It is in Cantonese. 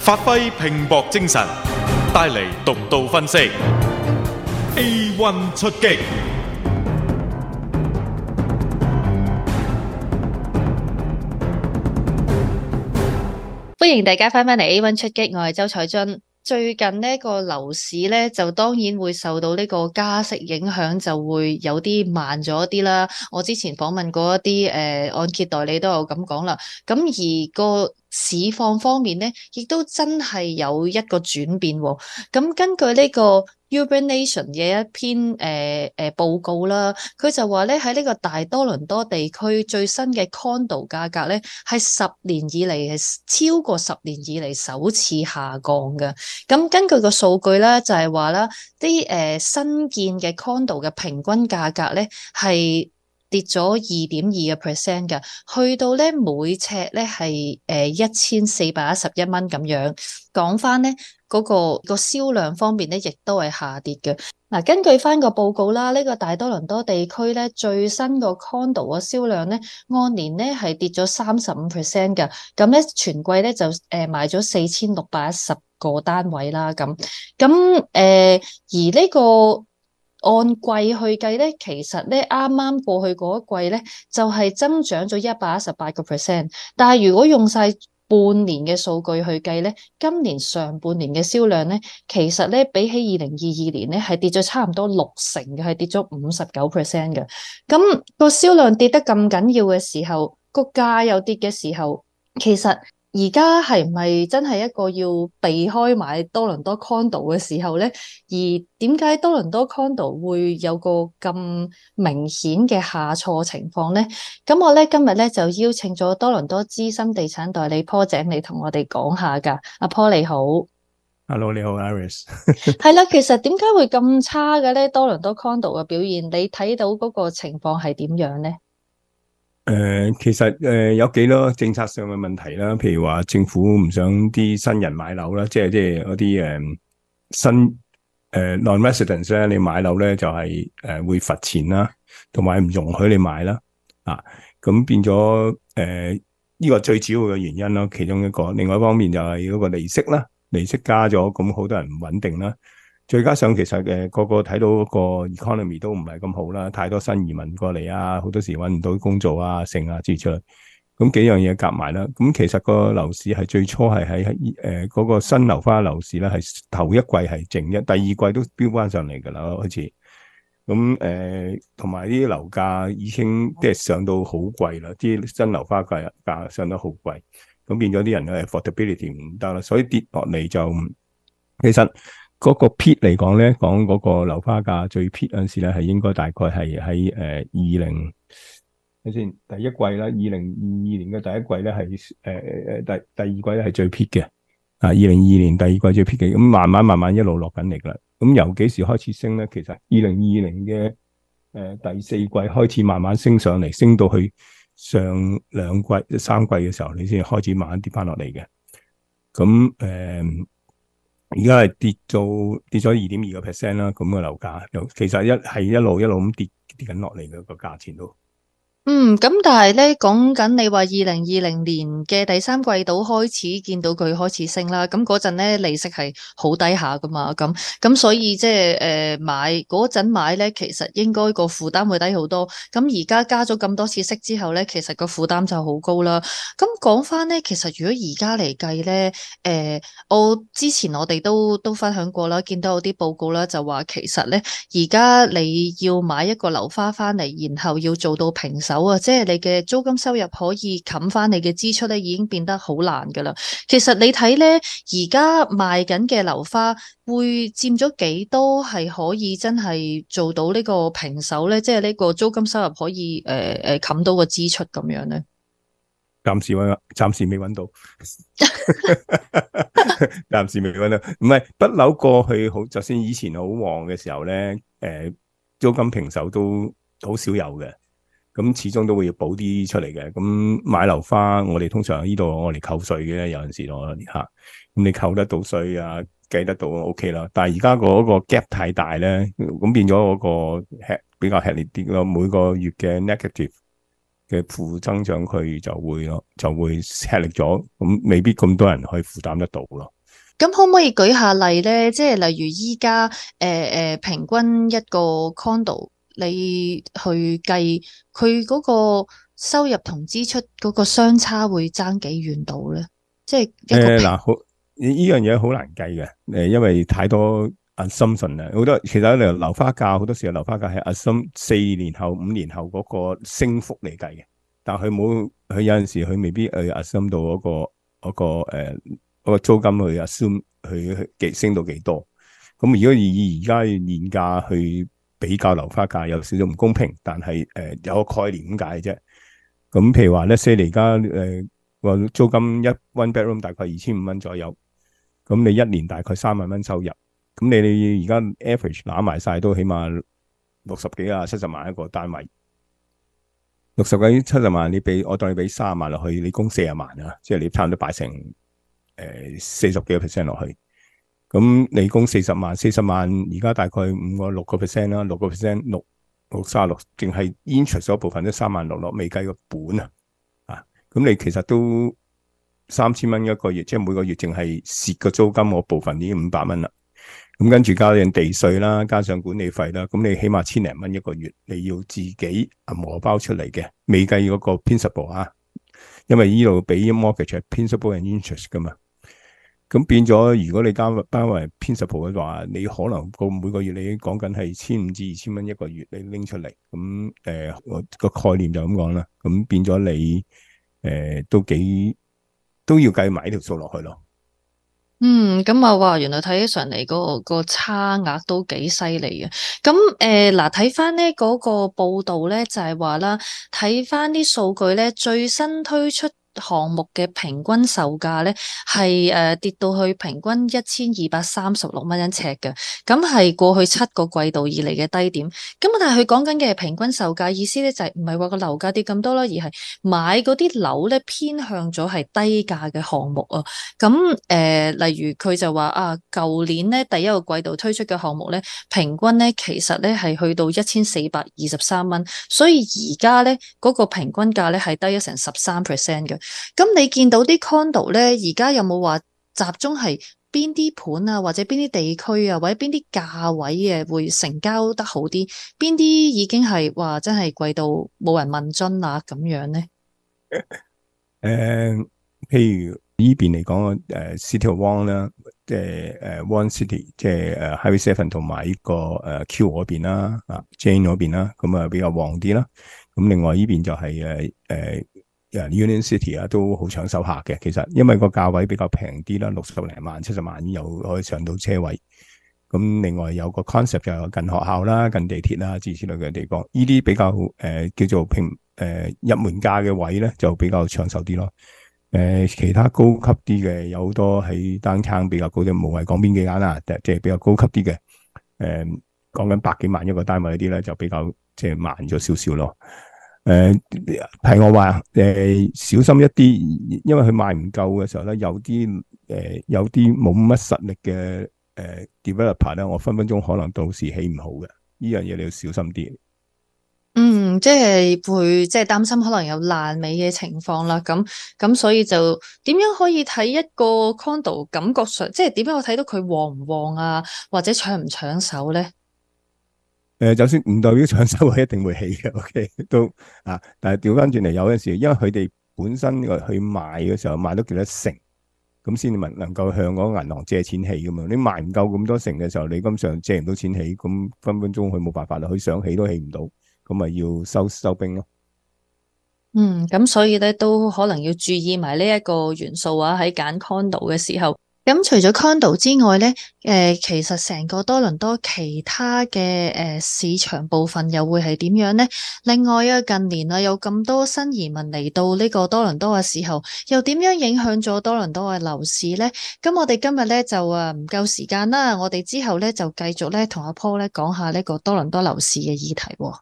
發揮拼搏精神，帶嚟獨到分析。A one 出擊，歡迎大家翻返嚟 A one 出擊，我係周采蓁。最近呢個樓市呢，就當然會受到呢個加息影響，就會有啲慢咗啲啦。我之前訪問過一啲誒按揭代理都有咁講啦。咁而個。市況方面咧，亦都真係有一個轉變，哦。咁根據呢個 Urbanation 嘅一篇誒誒、呃呃、報告啦，佢就話咧，喺呢個大多倫多地區最新嘅 condo 價格咧，係十年以嚟係超過十年以嚟首次下降嘅。咁根據個數據咧，就係、是、話啦，啲誒、呃、新建嘅 condo 嘅平均價格咧係，跌咗二點二個 percent 嘅，去到咧每尺咧係誒一千四百一十一蚊咁樣。講翻咧嗰個個銷量方面咧，亦都係下跌嘅。嗱，根據翻個報告啦，呢個大多倫多地區咧最新個 condo 嘅銷量咧按年咧係跌咗三十五 percent 嘅。咁咧全季咧就誒賣咗四千六百一十個單位啦。咁咁誒而呢個。按季去計咧，其實咧啱啱過去嗰一季咧就係增長咗一百一十八個 percent，但係如果用晒半年嘅數據去計咧，今年上半年嘅銷量咧，其實咧比起二零二二年咧係跌咗差唔多六成嘅，係跌咗五十九 percent 嘅。咁個銷量跌得咁緊要嘅時候，個價又跌嘅時候，其實。而家係咪真係一個要避開買多倫多 condo 嘅時候咧？而點解多倫多 condo 會有個咁明顯嘅下挫情況咧？咁我咧今日咧就邀請咗多倫多資深地產代理 Paul 井，你同我哋講下噶。阿 Paul 你好，Hello 你好，Iris。係啦，其實點解會咁差嘅咧？多倫多 condo 嘅表現，你睇到嗰個情況係點樣咧？誒、呃，其實誒、呃、有幾多政策上嘅問題啦，譬如話政府唔想啲新人買樓啦，即係即係嗰啲誒新誒、呃、non-residents 咧，你買樓咧就係、是、誒會罰錢啦，同埋唔容許你買啦，啊，咁變咗誒呢個最主要嘅原因咯，其中一個，另外一方面就係嗰個利息啦，利息加咗，咁好多人唔穩定啦。再加上其實誒、呃、個個睇到個 economy 都唔係咁好啦，太多新移民過嚟啊，好多時揾唔到工作啊、剩啊之類，咁、嗯、幾樣嘢夾埋啦。咁、嗯、其實個樓市係最初係喺誒嗰個新樓花樓市咧，係頭一季係靜嘅，第二季都飆翻上嚟㗎啦，開始。咁誒同埋啲樓價已經即係上到好貴啦，啲新樓花價價上得好貴，咁變咗啲人嘅 affordability 唔得啦，所以跌落嚟就其實。嗰個撇嚟講咧，講嗰個樓花價最撇嗰陣時咧，係應該大概係喺誒二零睇先第一季啦，二零二二年嘅第一季咧係誒誒第第二季咧係最撇嘅啊，二零二二年第二季最撇嘅，咁慢慢慢慢一路落緊嚟㗎啦。咁由幾時開始升咧？其實二零二零嘅誒第四季開始慢慢升上嚟，升到去上兩季三季嘅時候，你先開始慢慢跌翻落嚟嘅。咁誒。呃而家係跌到跌咗二點二個 percent 啦，咁嘅樓價又其實一係一路一路咁跌跌緊落嚟嘅個價錢都。嗯，咁但係咧，講緊你話二零二零年嘅第三季度開始見到佢開始升啦，咁嗰陣咧利息係好低下噶嘛，咁咁所以即係誒買嗰陣買咧，其實應該個負擔會低好多。咁而家加咗咁多次息之後咧，其實個負擔就好高啦。咁講翻咧，其實如果而家嚟計咧，誒、呃、我之前我哋都都分享過啦，見到有啲報告啦，就話其實咧而家你要買一個樓花翻嚟，然後要做到平手。好啊，即係你嘅租金收入可以冚翻你嘅支出咧，已經變得好難噶啦。其實你睇咧，而家賣緊嘅樓花會佔咗幾多，係可以真係做到呢個平手咧？即係呢個租金收入可以誒誒冚到個支出咁樣咧？暫時搵， 暫時未搵到，暫時未搵到。唔係，北樓過去好，就算以前好旺嘅時候咧，誒租金平手都好少有嘅。咁始終都會要補啲出嚟嘅，咁買樓花我哋通常呢度我哋扣稅嘅，有陣時攞吓，咁你扣得到稅啊，計得到 OK 啦。但係而家嗰個 gap 太大咧，咁變咗嗰個比較吃力啲咯。每個月嘅 negative 嘅負增長，佢就會咯，就會吃力咗，咁未必咁多人可以負擔得到咯。咁可唔可以舉下例咧？即係例如依家誒誒，平均一個 condo，你去計佢嗰個收入同支出嗰個相差會爭幾遠度咧？即係誒，嗱、呃，好呢樣嘢好難計嘅。誒，因為太多 assumption 啦，好多其實留花留花價好多、um、時候流花價係 assum 四年後五年後嗰個升幅嚟計嘅，但係冇佢有陣時佢未必去 assum 到嗰、嗰個、嗰個誒、嗰個嗰個嗰個租金去 assum、um、升到幾多。咁如果以而家現價去。比較樓花價有少少唔公平，但係誒、呃、有個概念點解啫。咁譬如話咧，悉尼而家誒話租金一 one bedroom 大概二千五蚊左右，咁你一年大概三萬蚊收入，咁你你而家 average 拿埋晒都起碼六十幾啊七十萬一個單位，六十幾七十萬你俾我當你俾三十萬落去，你供四十萬啊，即係你差唔多擺成誒四十幾個 percent 落去。咁你供四十萬，四十萬而家大概五個六個 percent 啦，六個 percent 六六三六，淨係 interest 嗰部分都三萬六咯，未計個本啊，啊，咁你其實都三千蚊一個月，即係每個月淨係蝕個租金嗰部分已經五百蚊啦。咁跟住交人地稅啦，加上管理費啦，咁你起碼千零蚊一個月，你要自己磨包出嚟嘅，未計嗰個 principal 啊，因為呢度俾 mortgage 係 principal and interest 噶嘛。咁變咗，如果你加加埋編輯部嘅話，你可能個每個月你講緊係千五至二千蚊一個月你，你拎出嚟咁，誒我個概念就咁講啦。咁變咗你誒、呃、都幾都要計埋一條數落去咯，嗯。嗯，咁我話原來睇起上嚟嗰個差額都幾犀利嘅。咁誒嗱，睇翻咧嗰個報道咧，就係話啦，睇翻啲數據咧，最新推出項目嘅平均售價咧係誒跌到去平均一千二百三十六蚊一尺嘅，咁係過去七個季度以嚟嘅低點。咁但係佢講緊嘅平均售價意思咧就係唔係話個樓價跌咁多啦，而係買嗰啲樓咧偏向咗係低價嘅項目啊。咁誒、呃，例如佢就話啊，舊年咧第一個季度推出嘅項目咧，平均咧其實咧係去到一千四百二十三蚊，所以而家咧嗰個平均價咧係低咗成十三 percent 嘅。咁你見到啲 condo 咧，而家有冇話集中係邊啲盤啊，或者邊啲地區啊，或者邊啲價位嘅、啊、會成交得好啲？邊啲已經係話真係貴到冇人問津啊？咁樣咧？誒、呃，譬如呢邊嚟講誒，City One 啦、呃，即係誒 One City，即係誒 Highway Seven 同埋呢、這個誒、呃、Q 嗰邊啦，啊 Jane 嗰邊啦，咁、嗯、啊比較旺啲啦。咁、嗯、另外呢邊就係誒誒。呃 Union City 啊，都好搶手下嘅。其實因為個價位比較平啲啦，六十零萬、七十萬又可以上到車位。咁、嗯、另外有個 concept 就係近學校啦、近地鐵啦，之之類嘅地方。呢啲比較誒、呃、叫做平誒入、呃、門價嘅位咧，就比較搶手啲咯。誒、呃，其他高級啲嘅有好多喺單層比較高嘅，冇謂講邊幾間啦，即係比較高級啲嘅。誒、呃，講緊百幾萬一個單位啲咧，就比較即係慢咗少少咯。誒，係、呃、我話誒、呃，小心一啲，因為佢賣唔夠嘅時候咧，有啲誒、呃，有啲冇乜實力嘅誒 developer 咧，我分分鐘可能到時起唔好嘅，呢樣嘢你要小心啲。嗯，即、就、係、是、會即係擔心可能有爛尾嘅情況啦。咁咁，所以就點樣可以睇一個 condo 感覺上，即係點樣我睇到佢旺唔旺啊，或者搶唔搶手咧？誒，就算唔代表搶收，佢一定會起嘅。OK 都啊，但係調翻轉嚟，有陣時，因為佢哋本身個去賣嘅時候賣都幾多成，咁先能能夠向嗰個銀行借錢起噶嘛。你賣唔夠咁多成嘅時候，你今上借唔到錢起，咁分分鐘佢冇辦法啦。佢想起都起唔到，咁咪要收收兵咯。嗯，咁所以咧都可能要注意埋呢一個元素啊，喺揀 condo 嘅時候。咁、嗯、除咗 condo 之外咧，誒、呃，其實成個多倫多其他嘅誒、呃、市場部分，又會係點樣咧？另外啊，近年啊有咁多新移民嚟到呢個多倫多嘅時候，又點樣影響咗多倫多嘅樓市咧？咁、嗯、我哋今日咧就誒唔夠時間啦，我哋之後咧就繼續咧同阿 Paul 咧講下呢個多倫多樓市嘅議題、哦。